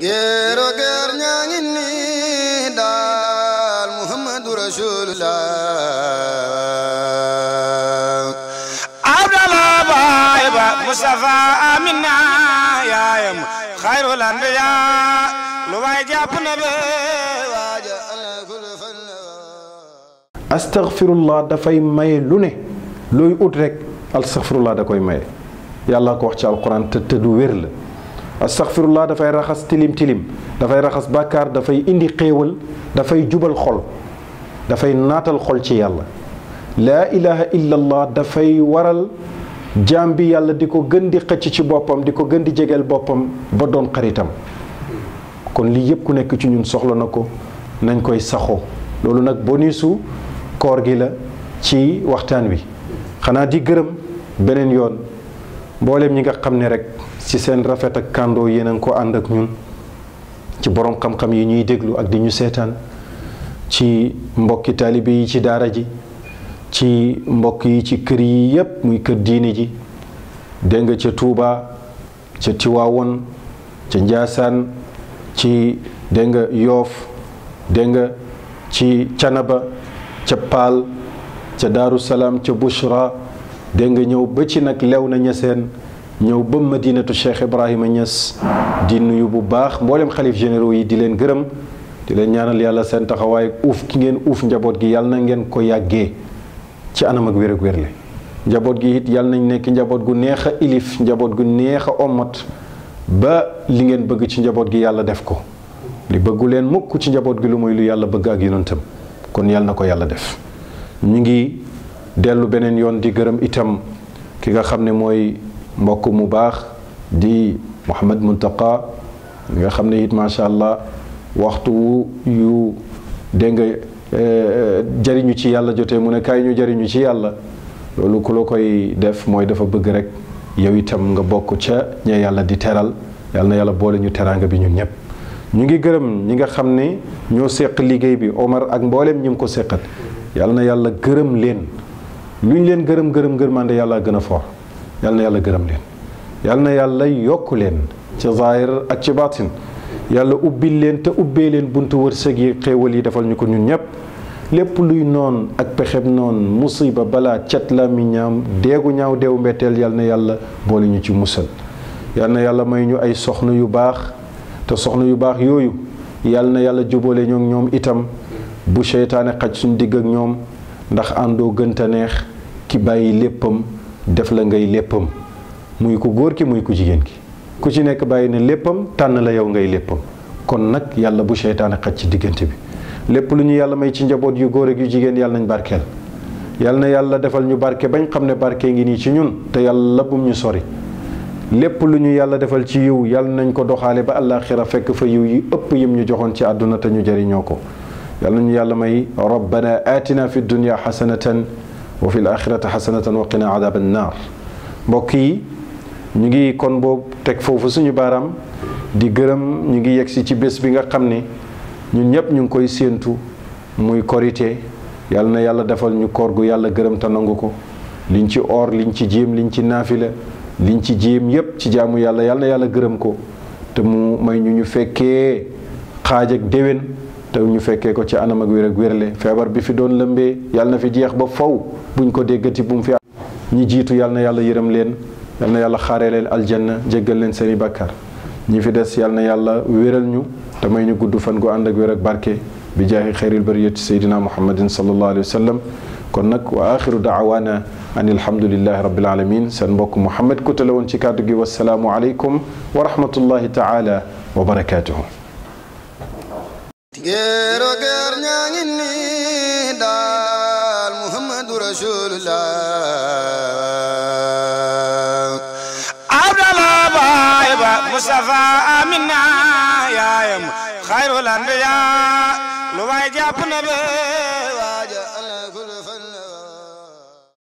géero géer ñaa ngi nii daal muhammadu rasulullah abdala baay ba mustafa amina yaayam xayrul anbiya lu waay jàpp na be waaja astaghfirullah dafay maye lu ne looy ut rek astaghfirullah da koy maye yàlla ko wax ci alquran te te du wér la astaxfirullah dafay raxas tilim tilim dafay raxas bàkkaar dafay indi xéewal dafay jubal xol dafay naatal xol ci yàlla laa ilaha illa dafay waral jaam bi yàlla di ko gën di xëcc ci boppam di ko gën di jegeel boppam ba doon xaritam kon lii yëpp ku nekk ci ñun soxla na ko nañ koy saxoo loolu nag bonisu koor gi la ci waxtaan wi xanaa di gërëm beneen yoon mboolem ñi nga xam ne rek ci seen rafet ak kàndoo yeneen ko ànd ak ñun ci boroom xam-xam yi ñuy déglu ak di ñu seetaan ci mbokki taalibe yi ci daara ji ci mbokk yi ci kër yi yépp muy kër diini ji dégg ca Touba ca Tiwaawoon ca Njaasaan ci dégg Yoof dégg ci Canaba ca Paal ca Daaru Salaam ca Bushra dégg nga ñëw ba ci nag lew na ña ñëw ba madinatu Cheikh Ibrahima Niass di nuyu bu baax mboolem xalif généraux yi di leen gërëm di leen ñaanal yàlla seen taxawaay uuf ki ngeen uuf njaboot gi yàlla na ngeen ko yàggee ci anam ak wér ak wérle njaboot gi it yàlla nañ nekk njaboot gu neex a ilif njaboot gu neex a ommat ba li ngeen bëgg ci njaboot gi yàlla def ko li bëggu leen mukk ci njaboot gi lu mooy lu yàlla bëgg ak yonentam kon yàlla na ko yàlla def ñu ngi dellu beneen yoon di gërëm itam ki nga xam ne mooy mbokk mu baax di Mouhamed Muntaka nga xam ne it macha allah waxtu yu dégg nga eh, eh, jariñu ci yàlla jotee mu ne kaay ñu jariñu ci yàlla loolu ku la koy def mooy dafa bëgg rek yow itam nga bokk ca ña yàlla di teral yàlla na yàlla boole ñu teraanga bi ñun ñëpp. ñu ngi gërëm ñi nga xam ne ñoo seq liggéey bi Omar ak mbooleem ñi mu ko seqat yàlla na yàlla gërëm leen lu ñu leen gërëm gërëm gërëmande yàlla gën a fort. yal na yàlla gërëm leen yal na yàlla yokk leen ci zaahir ak ci baatin yàlla ubbil leen te ubbee leen buntu wërsëg yi xéewal yi defal ñu ko ñun ñëpp lépp luy noon ak pexeb noon musiba balaa cat la mi ñaam deegu ñaaw deewu mbetteel yal na yàlla boole ñu ci musal yal na yàlla may ñu ay soxna yu baax te soxna yu baax yooyu yal na yàlla jubale ñoo ñoom itam bu seytaane xaj suñ digg ak ñoom ndax àndoo gënta neex ki bàyyi léppam def la ngay léppam muy ku góor ki muy ku jigéen ki ku ci nekk bàyyi na léppam tànn la yow ngay léppam kon nag yàlla bu seytaane xaj ci diggante bi lépp lu ñu yàlla may ci njaboot yu góor ak yu jigéen yàlla nañ barkeel yàlla na yàlla defal ñu barke bañ xam ne barkee ngi nii ci ñun te yàlla bum ñu sori lépp lu ñu yàlla defal ci yiw yàlla nañ ko doxaale ba àllaaxira fekk fa yiw yi ëpp yim ñu joxoon ci àdduna te ñu jëriñoo ko yàlla nañu yàlla may rabbana atina wa fil axirati xasanatan wa qina adaban naar mbokk yi ñu ngi kon boobu teg foofu suñu baaraam di gërëm ñu ngi yegsi ci bés bi nga xam ne ñun ñëpp ñu ngi koy séentu muy korite yàlla na yàlla defal ñu kor gu yàlla gërëm te nangu ko liñ ci or liñ ci jéem liñ ci naafila liñ ci jéem yépp ci jaamu yàlla yàlla na yàlla gërëm ko te mu may ñu ñu fekkee xaaj ak déwén te ñu fekkee ko ci anam ak wér ak feebar bi fi doon lëmbee yàlla na fi jeex ba faw buñ ko déggati bu mu fi ñi jiitu yàlla na yàlla yërëm leen yàlla na yàlla xaaree leen aljanna jéggal leen seeni bàkkaar ñu fi des yàlla na yàlla wéral ñu te ñu gudd fan gu ànd ak wér ak barke bi jaahi xeyril bariyati sayyidina muhammadin sallallahu alayhi wa sallam kon nag wa axiru daawaana an alhamdulillahi rabbil alamin seen mbokk Mouhamed Kouta la woon ci kàddu gi wasalaamu aleykum wa rahmatullahi taala wa barakaatuhu géero géer ñaa ngi nii daal muhammadu rasulullah abdallah baay ba mustafa amina yaayam xayrul anbiya lu waay jàpp na be